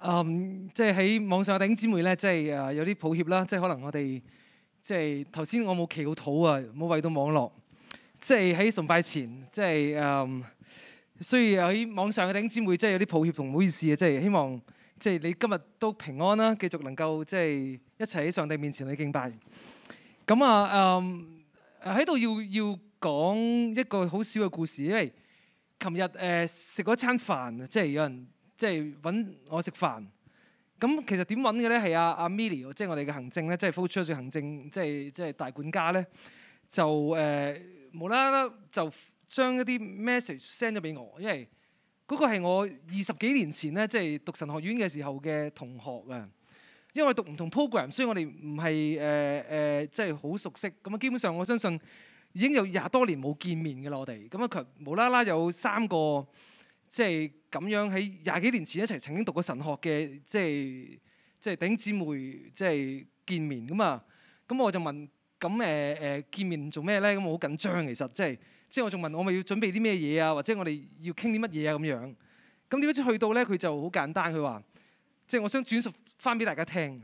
嗯，即係喺網上嘅弟兄姊妹咧，即係誒有啲抱歉啦，即係可能我哋即係頭先我冇祈過肚啊，冇為到網絡，即係喺崇拜前，即係嗯，um, 所以喺網上嘅弟兄姊妹即係有啲抱歉同唔好意思嘅，即係希望即係你今日都平安啦，繼續能夠即係一齊喺上帝面前去敬拜。咁啊，嗯、um, 呃，喺度要要講一個好少嘅故事，因為琴日誒食嗰餐飯即係有人。即係揾我食飯，咁其實點揾嘅咧？係阿阿 Milly，即係我哋嘅行政咧，即係 flow church 行政，即係即係大管家咧，就誒無啦啦就將一啲 message send 咗俾我，因為嗰個係我二十幾年前咧，即係讀神學院嘅時候嘅同學啊。因為讀唔同 program，所以我哋唔係誒誒即係好熟悉。咁啊，基本上我相信已經有廿多年冇見面嘅啦。我哋咁啊，佢無啦啦有三個。即係咁樣喺廿幾年前一齊曾經讀過神學嘅，即係即係弟兄姊妹即係見面㗎嘛？咁、啊、我就問：咁誒誒見面做咩咧？咁我好緊張，其實即係即係我仲問我咪要準備啲咩嘢啊？或者我哋要傾啲乜嘢啊咁樣？咁點不知去到咧，佢就好簡單，佢話即係我想轉述翻俾大家聽。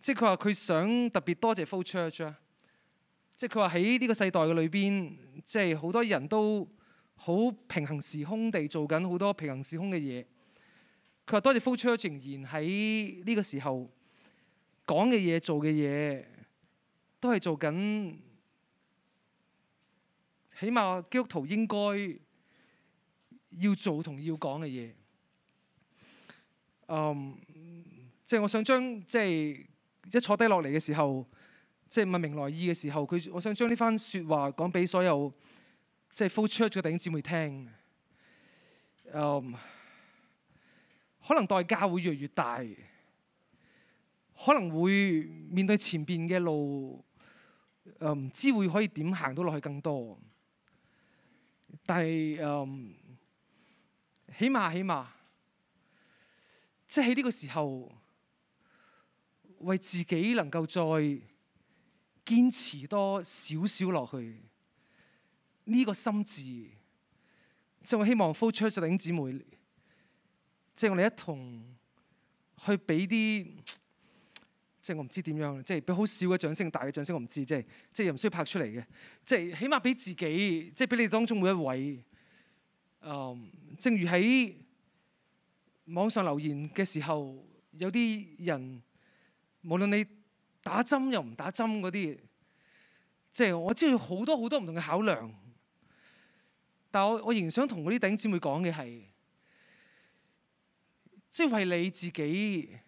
即係佢話佢想特別多謝 Flow Church 啊。即係佢話喺呢個世代嘅裏邊，即係好多人都。好平衡時空地做緊好多平衡時空嘅嘢。佢話多謝 flow church 仍然喺呢個時候講嘅嘢做嘅嘢，都係做緊起碼基督徒應該要做同要講嘅嘢。嗯，即係我想將即係一坐低落嚟嘅時候，即係問明來意嘅時候，佢我想將呢番説話講俾所有。即係付出咗俾姊妹聽，嗯，um，可能代價會越嚟越大，可能會面對前邊嘅路，嗯，唔知會可以點行到落去更多。但係嗯，um, 起碼起碼，即係喺呢個時候，為自己能夠再堅持多少少落去。呢個心智，即係我希望 flow church，弟兄姊妹，即係我哋一同去俾啲，即係我唔知點樣，即係俾好少嘅掌聲，大嘅掌聲我唔知，即係即係又唔需要拍出嚟嘅，即係起碼俾自己，即係俾你哋當中每一位，誒、嗯，正如喺網上留言嘅時候，有啲人無論你打針又唔打針嗰啲，即係我知道好多好多唔同嘅考量。但我我仍然想同嗰啲弟兄姊妹講嘅係，即係為你自己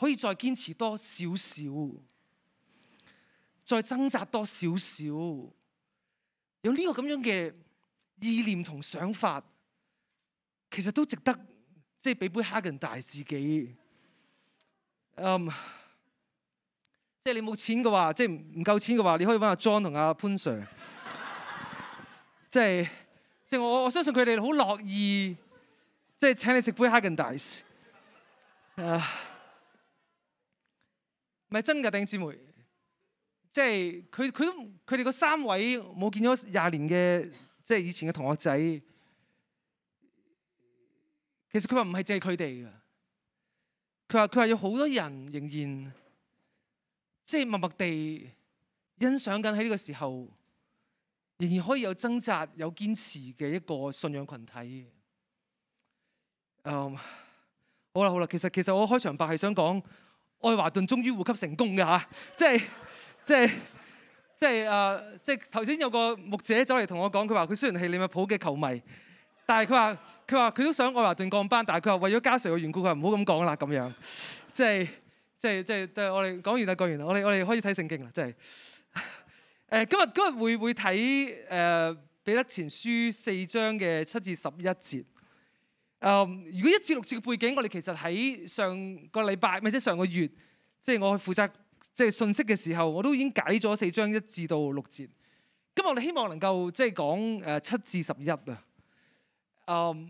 可以再堅持多少少，再掙扎多少少，有呢個咁樣嘅意念同想法，其實都值得，即係俾杯 Häagen-Dazs 自己。即係你冇錢嘅話，即係唔唔夠錢嘅話，你可以揾阿 John 同阿潘 Sir。 即係即係我我相信佢哋好樂意，即係請你食杯哈根達斯。唔係、uh, 真㗎，丁志梅，即係佢佢都佢哋嗰三位冇見咗廿年嘅，即係以前嘅同學仔。其實佢話唔係借佢哋嘅，佢話佢話有好多人仍然即係默默地欣賞緊喺呢個時候。仍然可以有掙扎、有堅持嘅一個信仰群體嘅。嗯，好啦好啦，其實其實我開場白係想講，愛華頓終於呼吸成功嘅嚇，即係即係即係誒，即係頭先有個牧者走嚟同我講，佢話佢雖然係利物浦嘅球迷，但係佢話佢話佢都想愛華頓降班，但係佢話為咗加常嘅緣故，佢唔好咁講啦咁樣，即係即係即係，但係我哋講完就講完，我哋我哋可以睇聖經啦，即係。誒，今日今日會會睇誒彼得前書四章嘅七至十一節。誒如果一至六節嘅背景，我哋其實喺上個禮拜唔係，即係上個月，即係我去負責即係信息嘅時候，我都已經解咗四章一至到六節。今日我哋希望能夠即係講誒七至十一啊。誒呢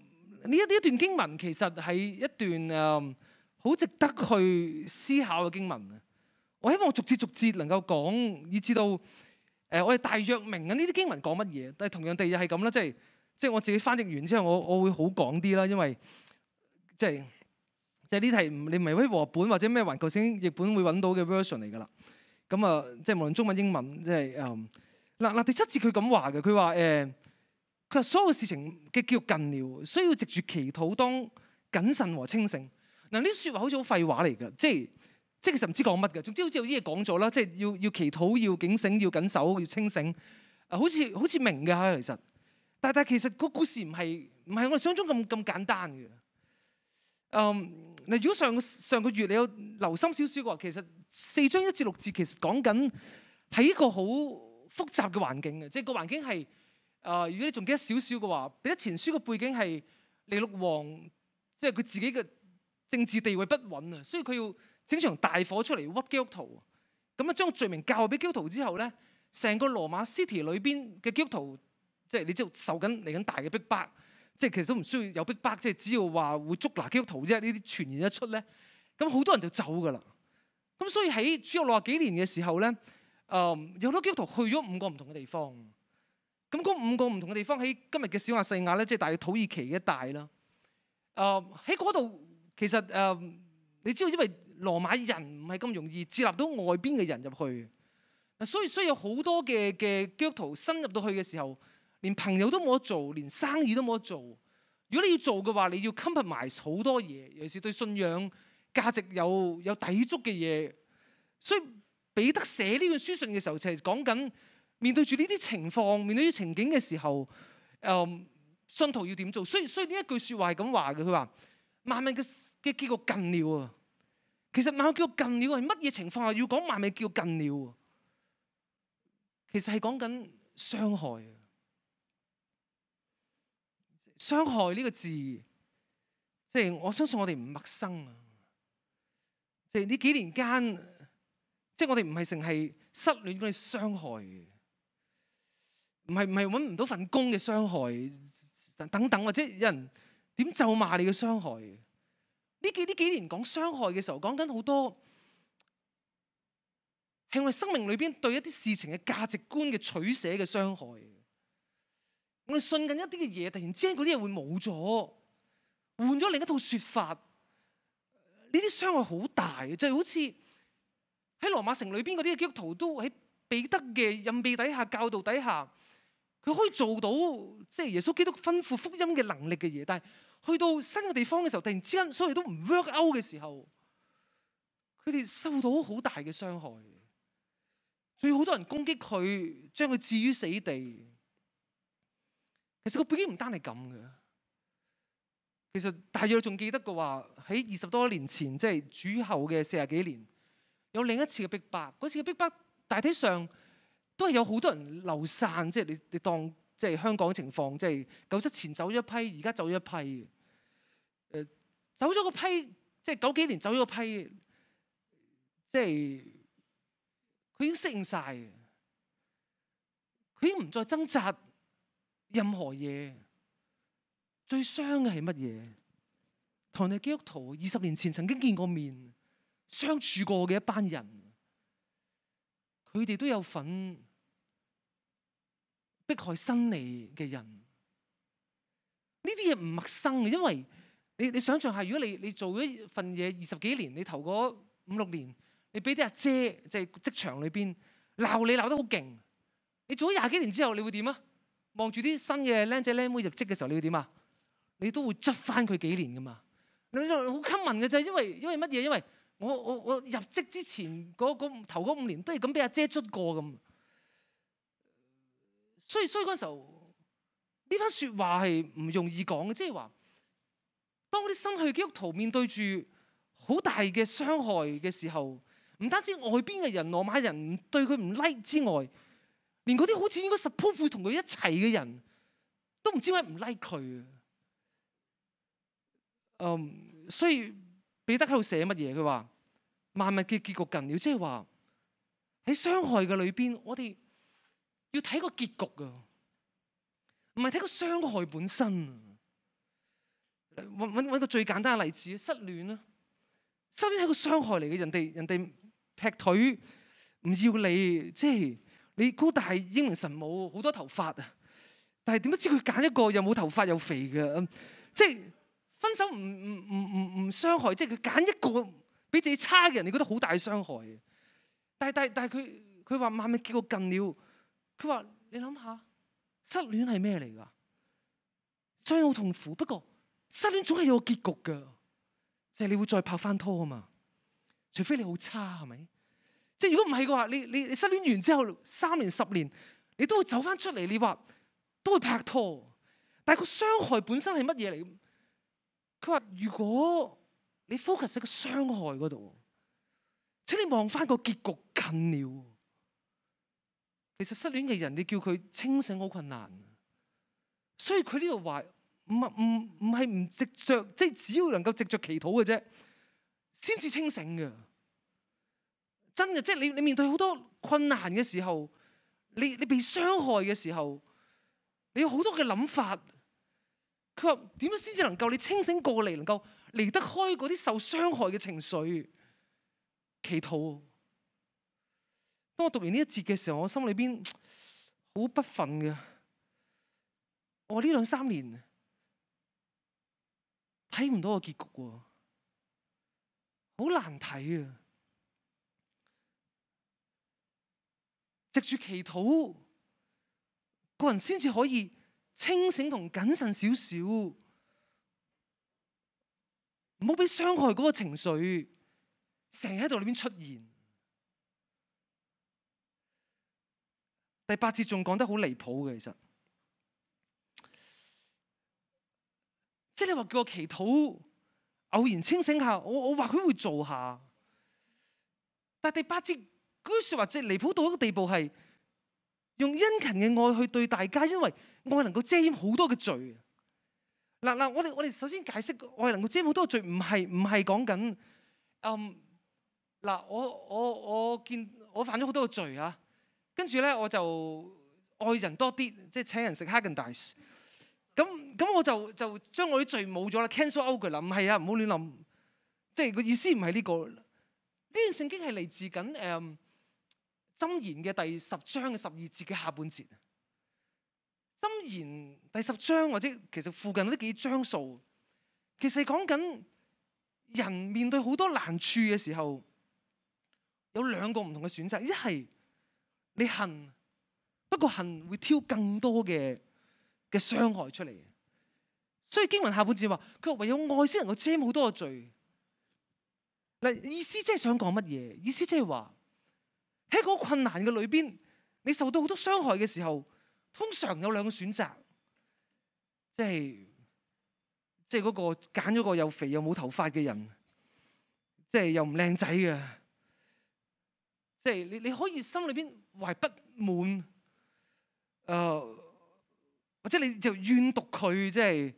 一呢一段經文其實係一段誒好值得去思考嘅經文啊。我希望逐字逐節能夠講，以至到。誒、呃，我哋大約明啊，呢啲經文講乜嘢？但係同樣地又係咁啦，即係即係我自己翻譯完之後，我我會好講啲啦，因為即係即係呢題，你唔係喺和本或者咩環球聖經譯本會揾到嘅 version 嚟㗎啦。咁啊，即係無論中文英文，即係嗯，嗱，嗱，第七節佢咁話嘅，佢話誒，佢、呃、話所有事情嘅叫近了，需要藉住祈禱當謹慎和清醒。嗱呢説話好似好廢話嚟㗎，即係。即係其實唔知講乜嘅，總之好似有啲嘢講咗啦。即係要要祈禱、要警醒、要緊守、要清醒。啊，好似好似明嘅嚇，其實，但係其實個故事唔係唔係我哋想中咁咁簡單嘅。嗯，嗱，如果上上個月你有留心少少嘅話，其實四章一至六節其實講緊係一個好複雜嘅環境嘅，即係個環境係啊，呃。如果你仲記得少少嘅話，彼得前書嘅背景係尼祿王，即係佢自己嘅政治地位不穩啊，所以佢要。整場大火出嚟屈基督徒，咁啊將罪名交俾基督徒之後咧，成個羅馬 city 裏邊嘅基督徒，即係你知道受緊嚟緊大嘅逼迫，即係其實都唔需要有逼迫，即係只要話會捉拿基督徒啫。呢啲傳言一出咧，咁好多人就走㗎啦。咁所以喺主要六十幾年嘅時候咧，誒有好多基督徒去咗五個唔同嘅地方。咁嗰五個唔同嘅地方喺今日嘅小亞細亞咧，即係大約土耳其一帶啦。誒喺嗰度其實誒你知道因為。羅馬人唔係咁容易設立到外邊嘅人入去，所以所以有好多嘅嘅基督徒新入到去嘅時候，連朋友都冇得做，連生意都冇得做。如果你要做嘅話，你要 compromise 好多嘢，尤其是對信仰價值有有抵觸嘅嘢。所以彼得寫呢份書信嘅時候，就係、是、講緊面對住呢啲情況、面對啲情景嘅時候，誒、嗯、信徒要點做？所以所以呢一句説話係咁話嘅，佢話萬民嘅嘅結局近了啊！其實咩叫近了係乜嘢情況啊？要講咩咪叫近了？其實係講緊傷害啊！傷害呢個字，即係我相信我哋唔陌生啊！即係呢幾年間，即係我哋唔係淨係失戀嗰啲傷害，唔係唔係揾唔到份工嘅傷害等等，或者有人點咒罵你嘅傷害。呢幾呢幾年講傷害嘅時候，講緊好多係我哋生命裏邊對一啲事情嘅價值觀嘅取捨嘅傷害。我哋信緊一啲嘅嘢，突然之間嗰啲嘢會冇咗，換咗另一套説法。呢啲傷害好大，就係、是、好似喺羅馬城裏邊嗰啲基督徒都喺彼得嘅蔭庇底下、教導底下，佢可以做到即係、就是、耶穌基督吩咐福音嘅能力嘅嘢，但係。去到新嘅地方嘅時候，突然之間，所以都唔 work out 嘅時候，佢哋受到好大嘅傷害，仲有好多人攻擊佢，將佢置於死地。其實個背景唔單係咁嘅，其實大約仲記得嘅話，喺二十多年前，即係主後嘅四十幾年，有另一次嘅逼迫。嗰次嘅逼迫，大體上都係有好多人流散，即係你你當。即係香港情況，即係九七前走咗一批，而家走一批嘅、呃。走咗個批，即係九幾年走咗個批，即係佢已經適應晒，佢已經唔再掙扎任何嘢。最傷嘅係乜嘢？同你基督徒二十年前曾經見過面、相處過嘅一班人，佢哋都有份。迫害新嚟嘅人，呢啲嘢唔陌生嘅，因為你你想象下，如果你你做咗份嘢二十幾年，你頭嗰五六年，你俾啲阿姐即係、就係、職場裏邊鬧你鬧得好勁，你做咗廿幾年之後你會點啊？望住啲新嘅靚仔靚妹入職嘅時候你會點啊？你都會捽翻佢幾年㗎嘛？你好襟問嘅就係，因為因為乜嘢？因為我我我入職之前嗰嗰頭嗰五年都係咁俾阿姐捽過咁。所以所以嗰時候，呢番説話係唔容易講嘅，即係話當啲新去基督徒面對住好大嘅傷害嘅時候，唔單止外邊嘅人、羅馬人對佢唔 like 之外，連嗰啲好似應該 support 同佢一齊嘅人，都唔知點解唔 like 佢啊。嗯，um，所以彼得喺度寫乜嘢？佢話萬物嘅結局近了，即係話喺傷害嘅裏邊，我哋，要睇個結局啊，唔係睇個傷害本身啊。揾揾揾個最簡單嘅例子，失戀啊，失戀係個傷害嚟嘅。人哋人哋劈腿唔要你，即係你高大英明神武好多頭髮啊，但係點不知佢揀一個又冇頭髮又肥嘅，嗯，即係分手唔唔唔唔唔傷害，即係佢揀一個比自己差嘅人，你覺得好大嘅傷害。但係但係但係佢佢話慢咪結過婚了？佢話：你諗下，失戀係咩嚟㗎？傷心好痛苦，不過失戀總係有個結局㗎，即係你會再拍翻拖啊嘛。除非你好差係咪？即係如果唔係嘅話，你你你失戀完之後三年十年，你都會走翻出嚟，你話都會拍拖。但係個傷害本身係乜嘢嚟？佢話：如果你 focus 喺個傷害嗰度，請你望翻個結局近了。其實失戀嘅人，你叫佢清醒好困難，所以佢呢度話唔係唔唔係唔藉着，即係只要能夠藉着祈禱嘅啫，先至清醒嘅。真嘅，即係你你面對好多困難嘅時候，你你被傷害嘅時候，你有好多嘅諗法。佢話點樣先至能夠你清醒過嚟，能夠離得開嗰啲受傷害嘅情緒，祈禱。當我讀完呢一節嘅時候，我心裏邊好不忿嘅。我呢兩三年睇唔到個結局，好難睇啊！藉住祈禱，個人先至可以清醒同謹慎少少，唔好俾傷害嗰個情緒成日喺度裏邊出現。第八節仲講得好離譜嘅，其實，即係你話叫我祈禱，偶然清醒下，我我或許會做下。但係第八節嗰句説話真係離譜到一個地步，係用殷勤嘅愛去對大家，因為愛能夠遮掩好多嘅罪。嗱嗱，我哋我哋首先解釋，愛能夠遮掩好多嘅罪，唔係唔係講緊，嗯，嗱，我我我見我犯咗好多嘅罪啊！跟住咧，我就愛人多啲，即係請人食 Häagen-Dazs。咁咁，我就就將我啲罪冇咗啦，cancel out 佢啦。唔係啊，唔好亂諗，即係個意思唔係呢個。呢段聖經係嚟自緊誒《箴、um, 言》嘅第十章嘅十二節嘅下半節。《箴言》第十章或者其實附近嗰啲幾章數，其實係講緊人面對好多難處嘅時候，有兩個唔同嘅選擇，一係。你恨，不過恨會挑更多嘅嘅傷害出嚟。所以經文下半節話，佢話，唯有愛先能夠遮好多個罪。嗱，意思即係想講乜嘢？意思即係話，喺個困難嘅裏邊，你受到好多傷害嘅時候，通常有兩個選擇，即係即係嗰個揀咗個又肥又冇頭髮嘅人，即係又唔靚仔嘅。即係你，你可以心裏邊懷不滿，誒、呃，或者你就怨毒佢，即係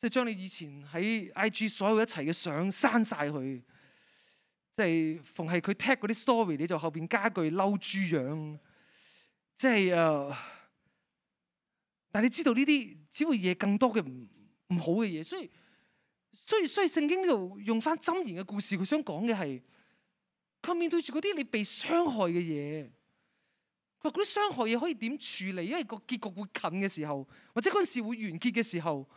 即係將你以前喺 I G 所有一齊嘅相刪晒佢，即係逢係佢 tag 嗰啲 story，你就後邊加句嬲豬樣，即係誒，但係你知道呢啲只會惹更多嘅唔唔好嘅嘢，所以所以所以,所以聖經呢度用翻箴言嘅故事，佢想講嘅係。佢面對住嗰啲你被傷害嘅嘢，佢話嗰啲傷害嘢可以點處理？因為個結局會近嘅時候，或者嗰陣時會完結嘅時候，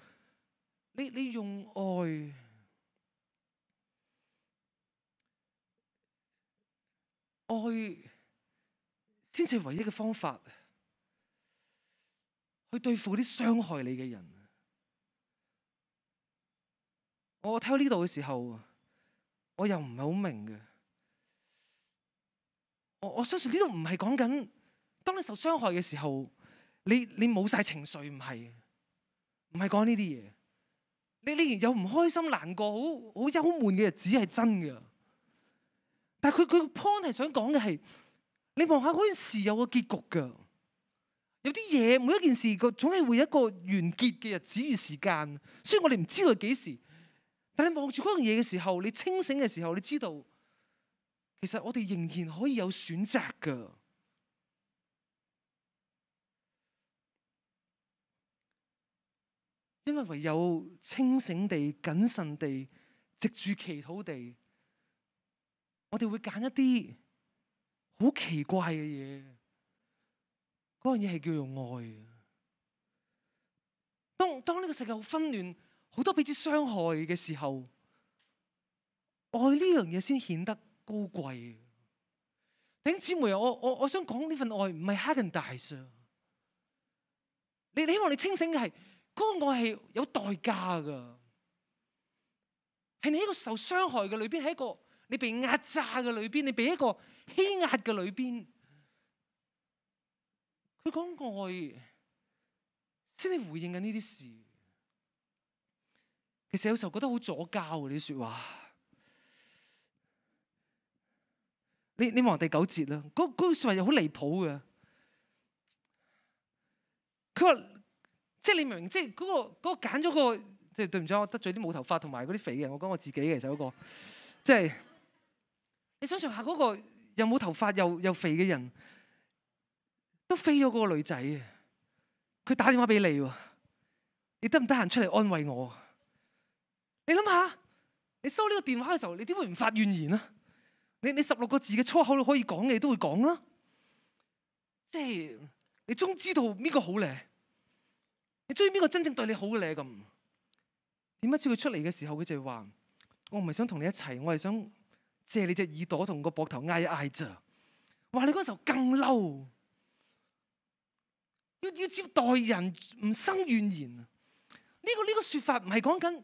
你你用愛愛先至唯一嘅方法去對付啲傷害你嘅人。我睇到呢度嘅時候，我又唔係好明嘅。我相信呢度唔係講緊，當你受傷害嘅時候，你你冇晒情緒，唔係，唔係講呢啲嘢。你，你仍然有唔開心、難過、好好幽悶嘅日子係真嘅。但係佢佢 point 係想講嘅係，你望下嗰件事有個結局噶。有啲嘢每一件事個總係會有一個完結嘅日子與時間，雖然我哋唔知道幾時。但係你望住嗰樣嘢嘅時候，你清醒嘅時候，你知道。其實我哋仍然可以有選擇㗎，因為唯有清醒地、謹慎地、藉住祈禱地，我哋會揀一啲好奇怪嘅嘢，嗰樣嘢係叫做愛當。當當呢個世界好紛亂、好多彼此傷害嘅時候，愛呢樣嘢先顯得，高貴啊！弟姊妹，我我我想講呢份愛唔係 hug and dash，啊、你，你希望你清醒嘅係嗰個愛係有代價噶，係你喺個受傷害嘅裏邊，喺一個你被壓榨嘅裏邊，你被一個欺壓嘅裏邊。佢講愛先至回應緊呢啲事，其實有時候覺得好左膠，啊啲說話。你你望第九節啦，嗰個說話又好離譜嘅。佢話即係你明唔明？即係嗰個嗰個揀咗個，即係對唔住，我得罪啲冇頭髮同埋嗰啲肥嘅人。我講我自己嘅，其實嗰個即係你想象下，嗰個又冇頭髮又又肥嘅人，都飛咗嗰個女仔啊！佢打電話俾你喎，你得唔得閒出嚟安慰我？你諗下，你收呢個電話嘅時候，你點會唔發怨言啊？你你十六個字嘅粗口都可以講嘅，你都會講啦。即係你終知道邊個好咧？你中意邊個真正對你好嘅咧？咁點解知佢出嚟嘅時候，佢就話我唔係想同你一齊，我係想借你隻耳朵同個膊頭嗌一嗌。」咋？話你嗰時候更嬲。要要接待人唔生怨言。呢個呢個說法唔係講緊。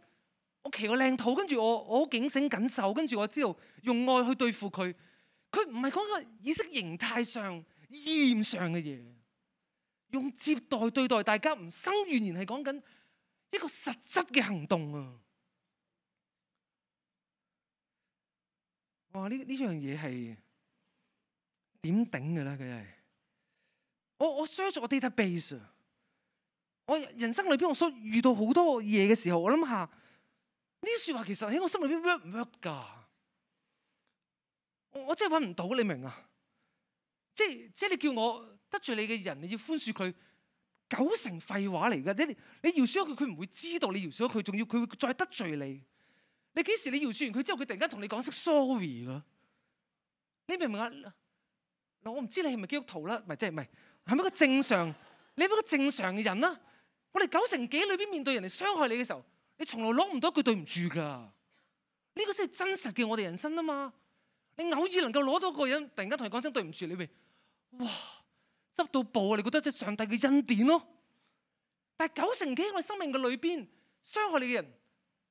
我奇個靚肚，跟住我我好警醒緊守，跟住我知道用愛去對付佢。佢唔係講個意識形態上意念上嘅嘢，用接待對待大家。唔生怨言係講緊一個實質嘅行動啊！哇我呢呢樣嘢係點頂嘅咧？佢係我我 search 咗個 database，我人生裏邊，我所遇到好多嘢嘅時候，我諗下。啲説話其實喺我心裏邊 work 唔 work 㗎？我我真係揾唔到你明啊！即係即係你叫我得罪你嘅人，你要寬恕佢，九成廢話嚟㗎！你你饒恕咗佢，佢唔會知道你饒恕咗佢，仲要佢會再得罪你。你幾時你饒恕完佢之後，佢突然間同你講聲 sorry 㗎？你明唔明啊？嗱，我唔知你係咪基督徒啦，唔係即係唔係係咪一個正常？你係咪一個正常嘅人啊？我哋九成幾裏邊面面對人哋傷害你嘅時候，你從來攞唔到一句對唔住噶，呢個先係真實嘅我哋人生啊嘛你爾！你偶爾能夠攞到個人突然間同佢講聲對唔住，你咪哇執到寶啊！你覺得即係上帝嘅恩典咯，哦？但係九成幾我生命嘅裏邊傷害你嘅人，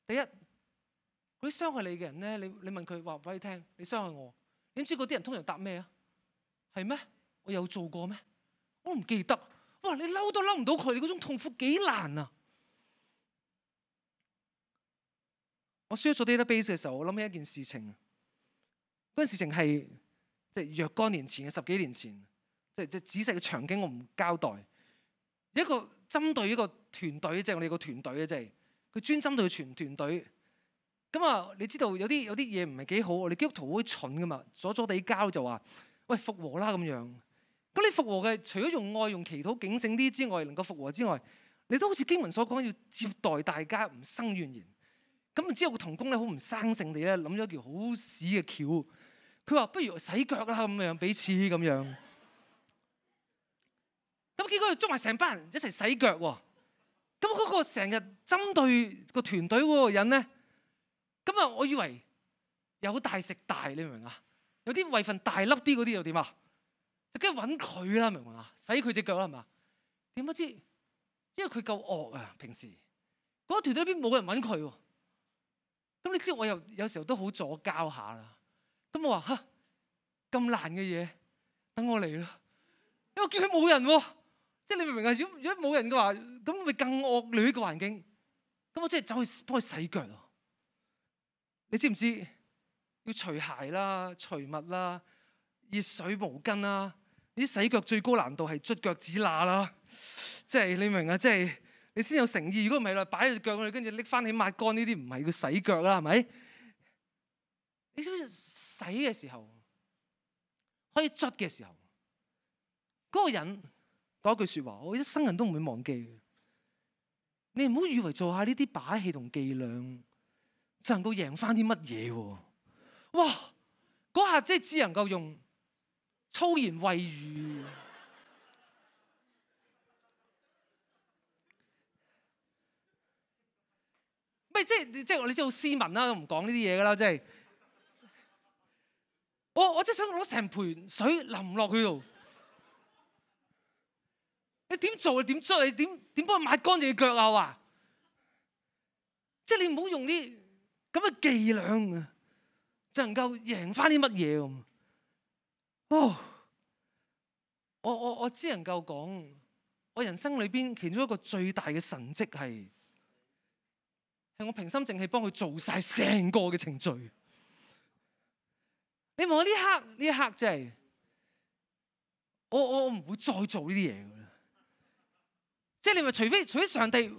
第一嗰啲傷害你嘅人咧，你你問佢話俾你聽，你傷害我，點知嗰啲人通常答咩啊？係咩？我有做過咩？我唔記得。哇！你嬲都嬲唔到佢，你嗰種痛苦幾難啊！輸咗啲啲 base 嘅時候，我諗起一件事情。嗰件事情係即係若干年前嘅十幾年前，即係即係仔細嘅場景，我唔交代。一個針對一個團隊，即係我哋個團隊咧，即係佢專針對全團隊。咁啊，你知道有啲有啲嘢唔係幾好。我哋基督徒好蠢噶嘛，左左地膠就話，喂，複和啦咁樣。咁你複和嘅，除咗用愛、用祈禱警醒啲之外，能夠複和之外，你都好似經文所講，要接待大家，唔生怨言。咁之後個童工咧好唔生性地咧諗咗條好屎嘅橋，佢話不如洗腳啦咁樣彼此咁樣。咁 結果捉埋成班人一齊洗腳喎。咁、那、嗰個成日針對個團隊嗰個人咧，咁、那、啊、個那個、我以為有大食大，你明唔明啊？有啲位份大粒啲嗰啲又點啊？就梗係揾佢啦，明唔明啊？洗佢隻腳啦，係嘛？點不知，因為佢夠惡啊！平時嗰、那個團隊邊冇人揾佢喎。咁你知我又有時候都好左膠下啦。咁我話吓，咁難嘅嘢，等我嚟咯。因為我見佢冇人喎、啊，即係你明唔明啊？如果如果冇人嘅話，咁咪更惡劣個環境。咁我即係走去幫佢洗腳咯、啊。你知唔知？要除鞋啦、除襪啦、熱水毛巾啦，啲洗腳最高難度係捽腳趾罅啦。即係你明唔明啊？即係。你先有誠意，如果唔係啦，擺喺隻腳嗰度，跟住拎翻起抹乾呢啲，唔係要洗腳啦，係咪？你知唔知洗嘅時候可以捽嘅時候，嗰、嗰個人講一句説話，我一生人都唔會忘記嘅。你唔好以為做下呢啲把戲同伎倆，就能夠贏翻啲乜嘢喎？哇！嗰下即係只能夠用粗言穢語。咪即係即係我你知道好斯文啦，唔講呢啲嘢噶啦，即係我我真係想攞成盆水淋落佢度。你點做啊？點捽你點點幫佢抹乾淨腳啊？話即係你唔好用啲咁嘅伎倆啊，就能夠贏翻啲乜嘢咁。哦，我我我只能夠講，我人生裏邊其中一個最大嘅神蹟係。係我平心靜氣幫佢做晒成個嘅程序。你望我呢刻呢一刻，即係、就是、我我我唔會再做呢啲嘢嘅啦。即、就、係、是、你咪除非除非上帝屈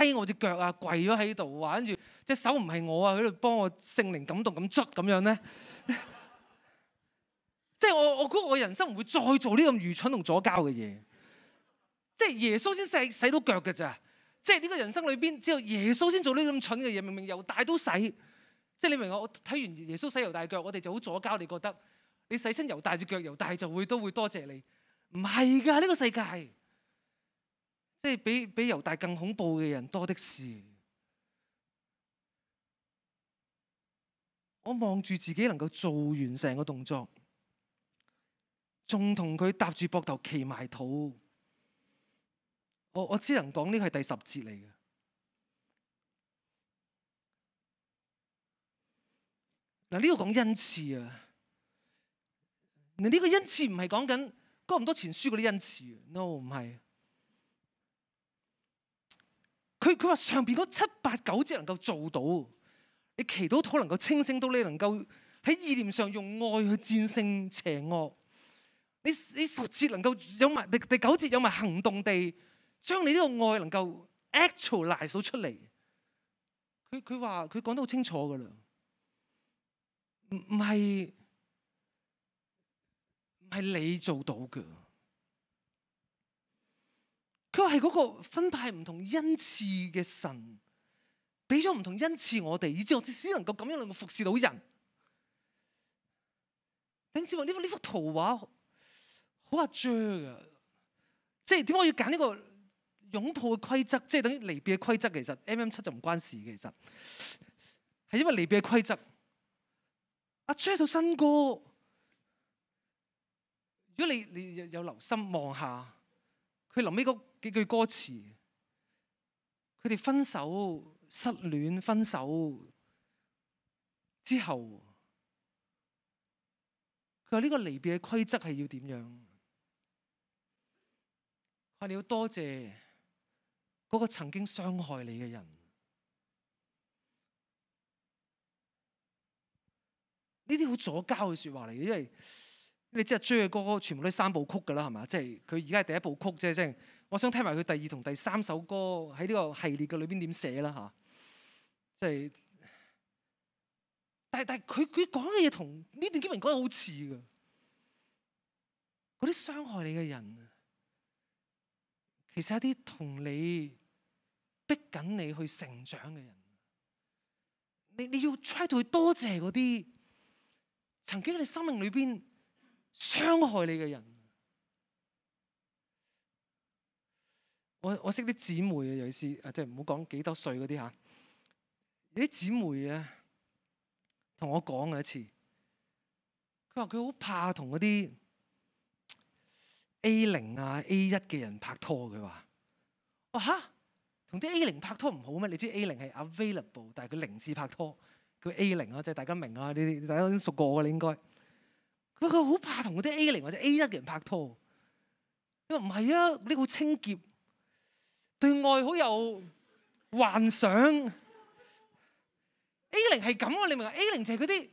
低我隻腳啊，跪咗喺度啊，跟住隻手唔係我啊，喺度幫我聖靈感動咁捽咁樣咧。即係 我我估我人生唔會再做呢咁愚蠢同左膠嘅嘢。即、就、係、是、耶穌先洗洗到腳嘅咋。即係呢個人生裏邊，只有耶穌先做呢啲咁蠢嘅嘢。明明猶大都洗，即係你明我。我睇完耶穌洗猶大腳，我哋就好左交，你哋覺得你洗親猶大隻腳猶大，猶大就會都會多謝你。唔係㗎，呢、這個世界即係比比猶大更恐怖嘅人多的是。我望住自己能夠做完成個動作，仲同佢搭住膊頭企埋肚。我我只能講呢個係第十節嚟嘅。嗱呢個講恩賜啊，你呢個恩賜唔係講緊哥林多前書嗰啲恩賜，啊，no 唔係，啊。佢佢話上邊嗰七八九節能夠做到，你祈禱土能夠清醒到你能夠喺意念上用愛去戰勝邪惡，你你十節能夠有埋第第九節有埋行動地。將你呢個愛能夠 actualise 到出嚟，佢佢話佢講得好清楚噶啦，唔唔係唔係你做到噶，佢話係嗰個分派唔同恩賜嘅神，俾咗唔同恩賜我哋，以至我至先能夠咁樣能夠服侍到人。丁志文呢呢幅圖畫好阿張啊，即係點解我要揀呢個？擁抱嘅規則，即係等於離別嘅規則。其實 M M 七就唔關事嘅，其實係因為離別嘅規則。阿 J 就新歌，如果你你有留心望下，佢臨尾嗰幾句歌詞，佢哋分手、失戀、分手之後，佢話呢個離別嘅規則係要點樣？我哋要多謝。嗰個曾經傷害你嘅人，呢啲好左膠嘅說話嚟，嘅，因為你今日追嘅歌全部都係三部曲噶啦，係嘛？即係佢而家係第一部曲啫，即係我想聽埋佢第二同第三首歌喺呢個系列嘅裏邊點寫啦，吓！即係，但係但係佢佢講嘅嘢同呢段經文講得好似噶，嗰啲傷害你嘅人，其實一啲同你。逼緊你去成長嘅人，你你要 try to 去多謝嗰啲曾經你生命裏邊傷害你嘅人。我我識啲姊妹啊，尤其是啊，即係唔好講幾多歲嗰啲吓。有啲姊妹啊，同我講嘅一次，佢話佢好怕同嗰啲 A 零啊 A 一嘅人拍拖，佢話哦吓。同啲 A 零拍拖唔好咩？你知 A 零係 available，但係佢零次拍拖，佢 A 零啊，即係大家明啊呢啲，大家都熟過我你應該。佢佢好怕同啲 A 零或者 A 一嘅人拍拖。佢話唔係啊，呢個清潔對外好有幻想。 A 零係咁啊，你明唔明啊？A 零就係嗰啲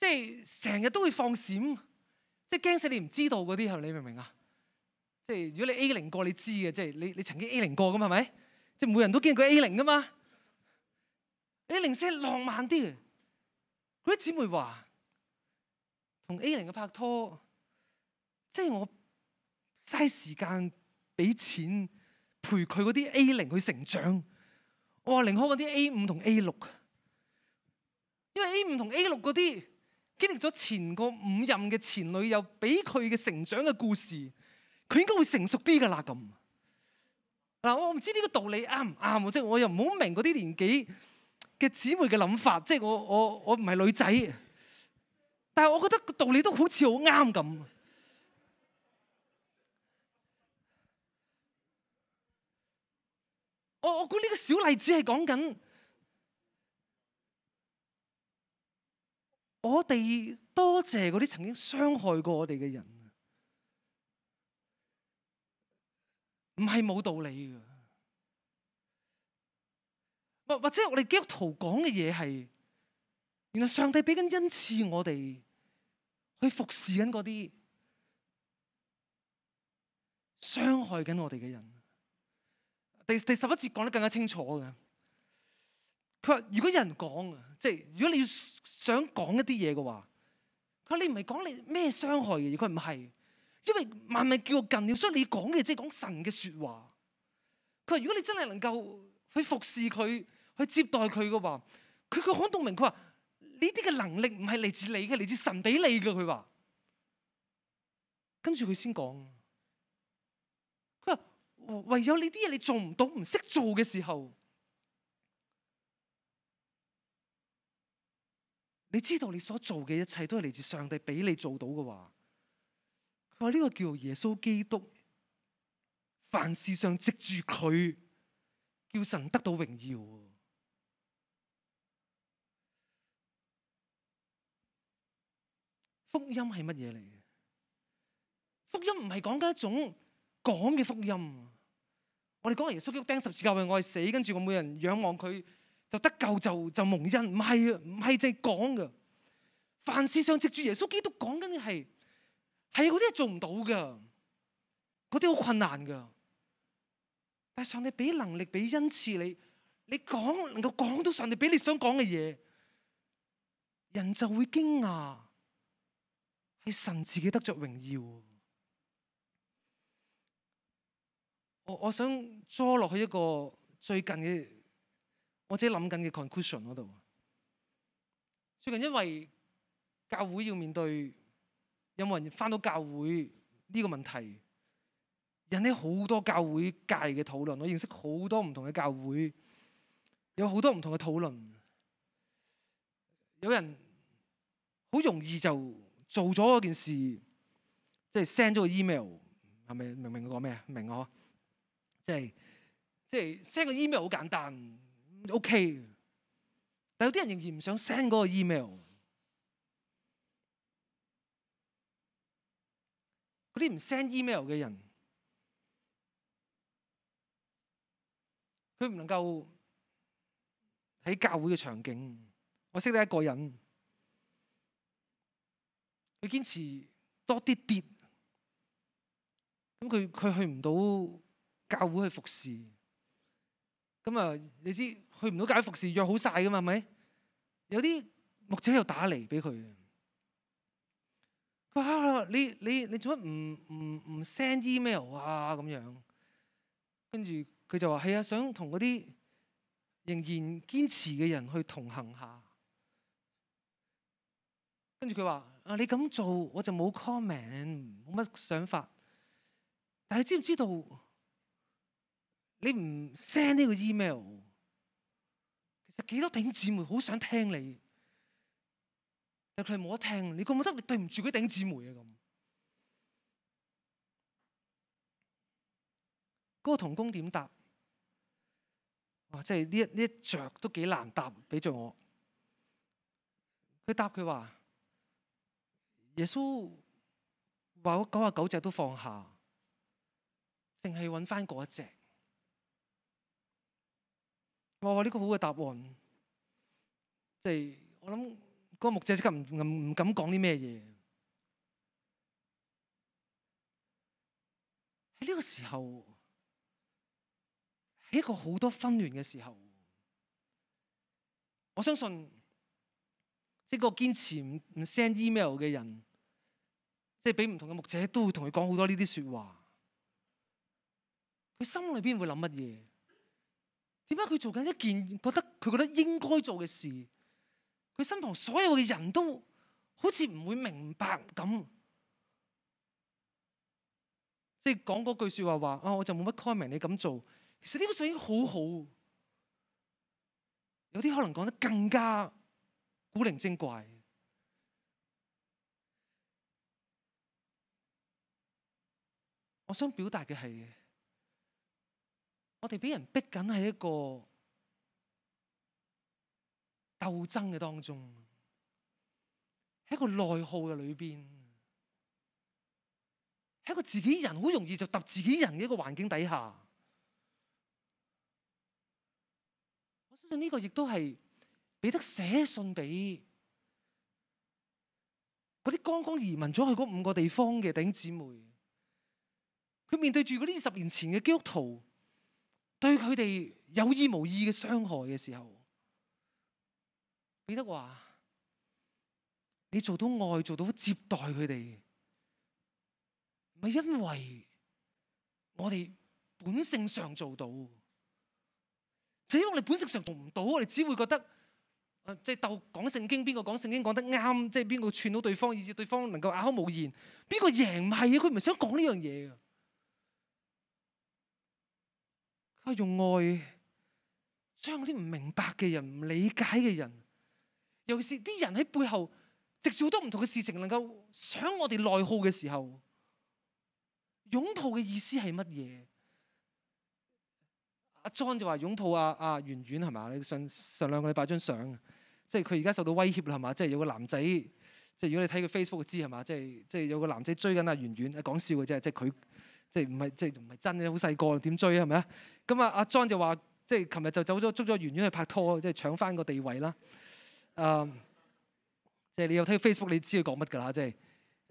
即係成日都會放閃，即係驚死你唔知道嗰啲係，你明唔明啊？即係如果你 A 零過，你知嘅，即係你你曾經 A 零過咁係咪？即係每人都經歷 A 零㗎嘛，A 零先係浪漫啲嘅。佢啲姊妹話：同 A 零嘅拍拖，即係我嘥時間俾錢陪佢嗰啲 A 零去成長。我話寧可揾啲 A 五同 A 六，因為 A 五同 A 六嗰啲經歷咗前個五任嘅前女友俾佢嘅成長嘅故事，佢應該會成熟啲㗎啦咁。嗱，我唔知呢個道理啱唔啱喎，即係我又唔好明嗰啲年紀嘅姊妹嘅諗法，即係我我我唔係女仔，但係我覺得個道理都好似好啱咁。我我估呢個小例子係講緊我哋多謝嗰啲曾經傷害過我哋嘅人。唔係冇道理嘅，或或者我哋基督徒講嘅嘢係，原來上帝俾緊恩賜我哋去服侍緊嗰啲傷害緊我哋嘅人。第第十一節講得更加清楚嘅，佢話如果有人講，即係如果你要想講一啲嘢嘅話，佢話你唔係講你咩傷害嘅，如果唔係。因為萬物叫我近了，所以你講嘅即係講神嘅說話。佢話如果你真係能夠去服侍佢，去接待佢嘅話，佢佢好洞明。佢話呢啲嘅能力唔係嚟自你嘅，嚟自神俾你嘅。佢話，跟住佢先講。佢話唯有呢啲嘢你做唔到，唔識做嘅時候，你知道你所做嘅一切都係嚟自上帝俾你做到嘅話。話呢、這個叫做耶穌基督，凡事上藉住佢，叫神得到榮耀。福音係乜嘢嚟嘅？福音唔係講緊一種講嘅福音。我哋講耶穌基督釘十字架為我哋死，跟住我每人仰望佢就得救就就蒙恩。唔係啊，唔係淨係講噶。凡事上藉住耶穌基督講緊嘅係。係，嗰啲係做唔到噶，嗰啲好困難噶但係上帝俾能力俾恩賜你，你講能夠講到上帝俾你想講嘅嘢，人就會驚訝。係神自己得着榮耀。我我想捉落去一個最近嘅，我自己諗緊嘅 conclusion 嗰度。最近因為教會要面對。有冇人翻到教會呢個問題？引起好多教會界嘅討論。我認識好多唔同嘅教會，有好多唔同嘅討論。有人好容易就做咗嗰件事，即係 send 咗個 email，係咪明唔明我講咩啊？明我？即係即係 send 個 email 好簡單，OK。但有啲人仍然唔想 send 嗰個 email。嗰啲唔 send email 嘅人，佢唔能夠喺教會嘅場景。我識得一個人，佢堅持多啲跌，咁佢佢去唔到教會去服侍。咁啊，你知去唔到教會服侍約好晒㗎嘛？係咪？有啲牧者又打嚟俾佢。哇！你你你做乜唔唔唔 send email 啊？咁樣，跟住佢就話：係啊，想同嗰啲仍然堅持嘅人去同行下。跟住佢話：啊，你咁做我就冇 comment，冇乜想法。但係你知唔知道？你唔 send 呢個 email，其實幾多頂姊妹好想聽你。但佢係冇得聽，你覺唔覺得你對唔住佢頂姊妹啊？咁，嗰個童工點答？哇，即係呢一呢一着都幾難答，俾着我。佢答佢話：耶穌話我九十九隻都放下，淨係搵翻嗰一隻。我話呢個好嘅答案，即係我諗。個牧者即刻唔唔唔敢講啲咩嘢。喺呢個時候，喺一個好多紛亂嘅時候，我相信，一個堅持唔唔 send email 嘅人，即係俾唔同嘅牧者都會同佢講好多呢啲說話。佢心裏邊會諗乜嘢？點解佢做緊一件覺得佢覺得應該做嘅事？佢身旁所有嘅人都好似唔會明白咁，即係講嗰句說話話，啊、哦、我就冇乜 comment。你咁做。其實呢幅相已經好好，有啲可能講得更加古靈精怪。我想表達嘅係，我哋俾人逼緊喺一個。鬥爭嘅當中，喺一個內耗嘅裏邊，喺一個自己人好容易就揼自己人嘅一個環境底下，我相信呢個亦都係彼得寫信俾嗰啲剛剛移民咗去嗰五個地方嘅弟兄姊妹，佢面對住嗰啲二十年前嘅基督徒對佢哋有意無意嘅傷害嘅時候。彼得話：你做到愛，做到接待佢哋，唔係因為我哋本性上做到，就因為你本性上做唔到，我哋只會覺得，即係鬥講聖經，邊個講聖經講得啱，即係邊個串到對方，以致對方能夠啞口無言，邊個贏唔係啊？佢唔係想講呢樣嘢啊！佢係用愛將啲唔明白嘅人、唔理解嘅人。尤其是啲人喺背後直少都唔同嘅事情，能夠想我哋內耗嘅時候，擁抱嘅意思係乜嘢？阿莊就話擁抱阿阿圓圓係嘛？你上上兩個禮拜張相，即係佢而家受到威脅啦係嘛？即係有個男仔，即係如果你睇佢 Facebook 知係嘛？即係即係有個男仔追緊阿圓圓，講、啊、笑嘅啫，即係佢即係唔係即係唔係真嘅，好細個點追啊？係咪啊？咁啊阿莊就話，即係琴日就走咗捉咗圓圓去拍拖，即係搶翻個地位啦。誒，即係、um, 你有睇 Facebook，你知佢講乜噶啦？即係誒，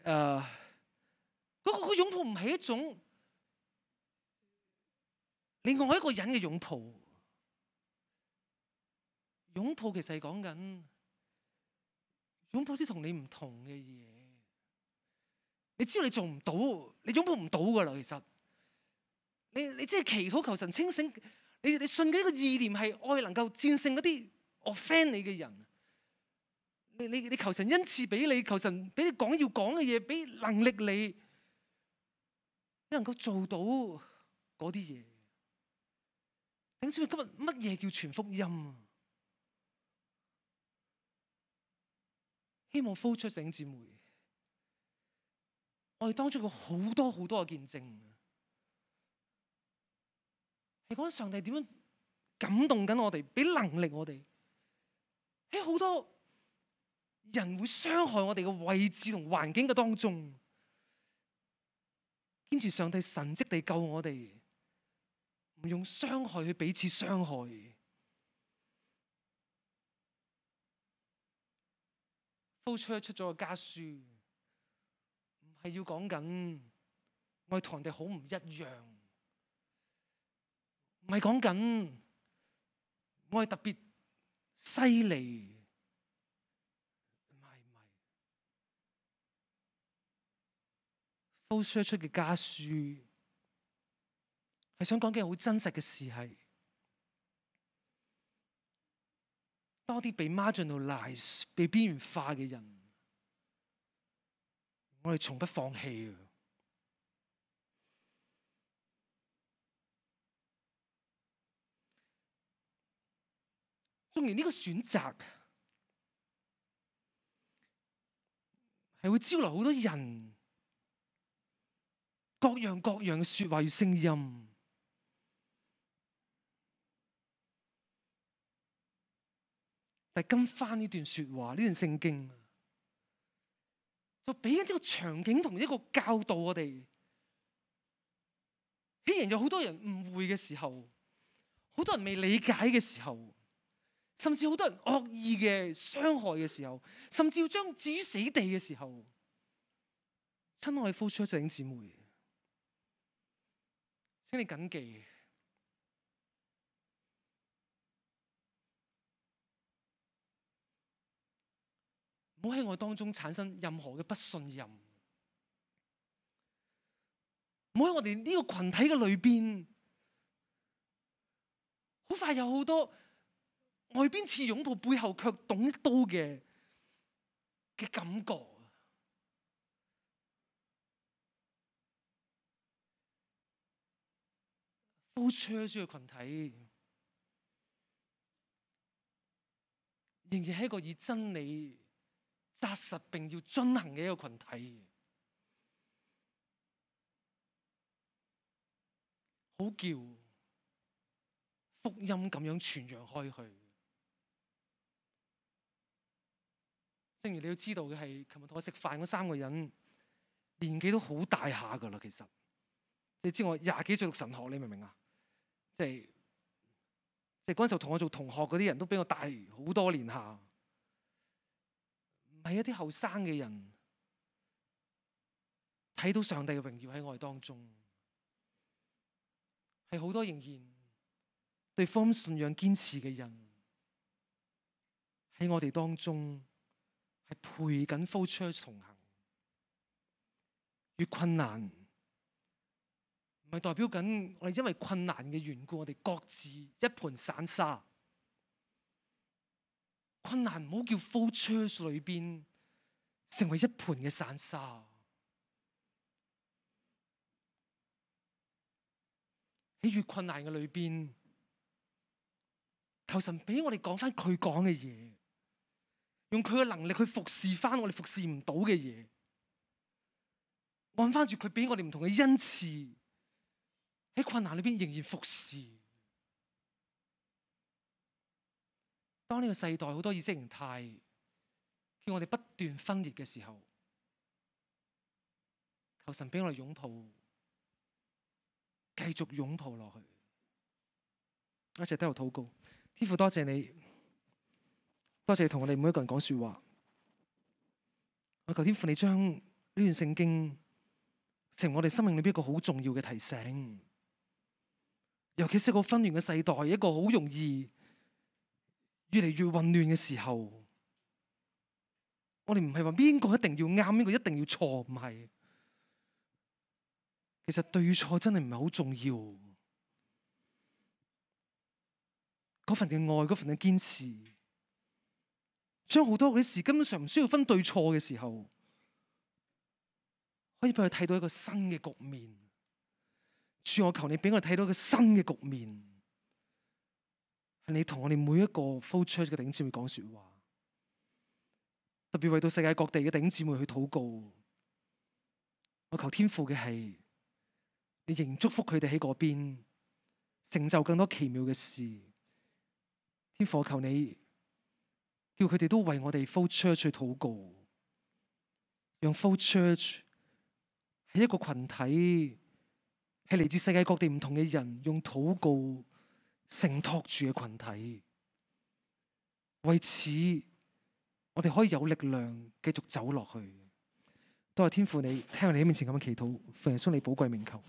嗰、uh, 嗰個嗰、嗰個、擁抱唔係一種另外一個人嘅擁抱，擁抱其實係講緊擁抱啲同你唔同嘅嘢。你知道你做唔到，你擁抱唔到噶啦。其實你你即係祈禱求神清醒，你你信嘅呢個意念係愛能夠戰勝啲 offend 你嘅人。你你你求神恩賜俾你，求神俾你講要講嘅嘢，俾能力你，你能夠做到嗰啲嘢。弟兄姊妹，今日乜嘢叫全福音啊？希望 flow church 弟兄姊妹，我哋當中有好多好多嘅見證。係講上帝點樣感動緊我哋，俾能力我哋喺好多。人會傷害我哋嘅位置同環境嘅當中，堅持上帝神蹟地救我哋，唔用傷害去彼此傷害。Paul 出出咗家書，唔係要講緊我哋同人哋好唔一樣，唔係講緊我哋特別犀利。都 share 出嘅家書，係想講嘅好真實嘅事係，多啲被 marginalised、被邊緣化嘅人，我哋從不放棄啊。縱然呢個選擇係會招來好多人。各樣各樣嘅說話與聲音，但係今翻呢段說話，呢段聖經，就俾緊一個場景同一個教導我哋。雖然有好多人誤會嘅時候，好多人未理解嘅時候，甚至好多人惡意嘅傷害嘅時候，甚至要將置於死地嘅時候，親愛 flow church 嘅弟兄姊妹。請你謹記，唔好喺我當中產生任何嘅不信任，唔好喺我哋呢個群體嘅裏邊，好快有好多外邊似擁抱，背後卻捅一刀嘅嘅感覺。都 choose 呢個群體，仍然係一個以真理紮實並要遵行嘅一個群體，好叫福音咁樣傳揚開去。正如你要知道嘅係，琴日同我食飯嗰三個人年紀都好大下噶啦。其實你知我廿幾歲讀神學，你明唔明啊？即係即係嗰陣時候同我做同學嗰啲人都比我大好多年下，唔係一啲後生嘅人睇到上帝嘅榮耀喺我哋當中，係好多仍然對方信仰堅持嘅人喺我哋當中係陪緊 flow church 同行，越困難。係代表緊我哋因為困難嘅緣故，我哋各自一盤散沙。困難唔好叫 flow church 裏邊成為一盤嘅散沙。喺越困難嘅裏邊，求神俾我哋講翻佢講嘅嘢，用佢嘅能力去服侍翻我哋服侍唔到嘅嘢，揾翻住佢俾我哋唔同嘅恩賜。喺困難裏邊仍然服侍。當呢個世代好多意識形態叫我哋不斷分裂嘅時候，求神俾我哋擁抱，繼續擁抱落去。我一齊喺度禱告，天父多謝你，多謝你同我哋每一個人講說話。我求天父你將呢段聖經成為我哋生命裏邊一個好重要嘅提醒。尤其是一個紛亂嘅世代，一個好容易越嚟越混亂嘅時候，我哋唔係話邊個一定要啱，邊個一定要錯，唔係。其實對錯真係唔係好重要，嗰份嘅愛，嗰份嘅堅持，將好多嘅事根本上唔需要分對錯嘅時候，可以俾佢睇到一個新嘅局面。主，我求你俾我睇到一個新嘅局面，係你同我哋每一個 flow church 嘅頂姊妹講說話，特別為到世界各地嘅頂姊妹去禱告。我求天父嘅係，你仍祝福佢哋喺嗰邊，成就更多奇妙嘅事。天父，我求你叫佢哋都為我哋 flow church 去禱告，讓 flow church 係一個群體，係嚟自世界各地唔同嘅人，用禱告承托住嘅群體，為此我哋可以有力量繼續走落去。多謝天父你，你聽喺你面前咁樣祈禱，奉耶穌基督寶貴名求。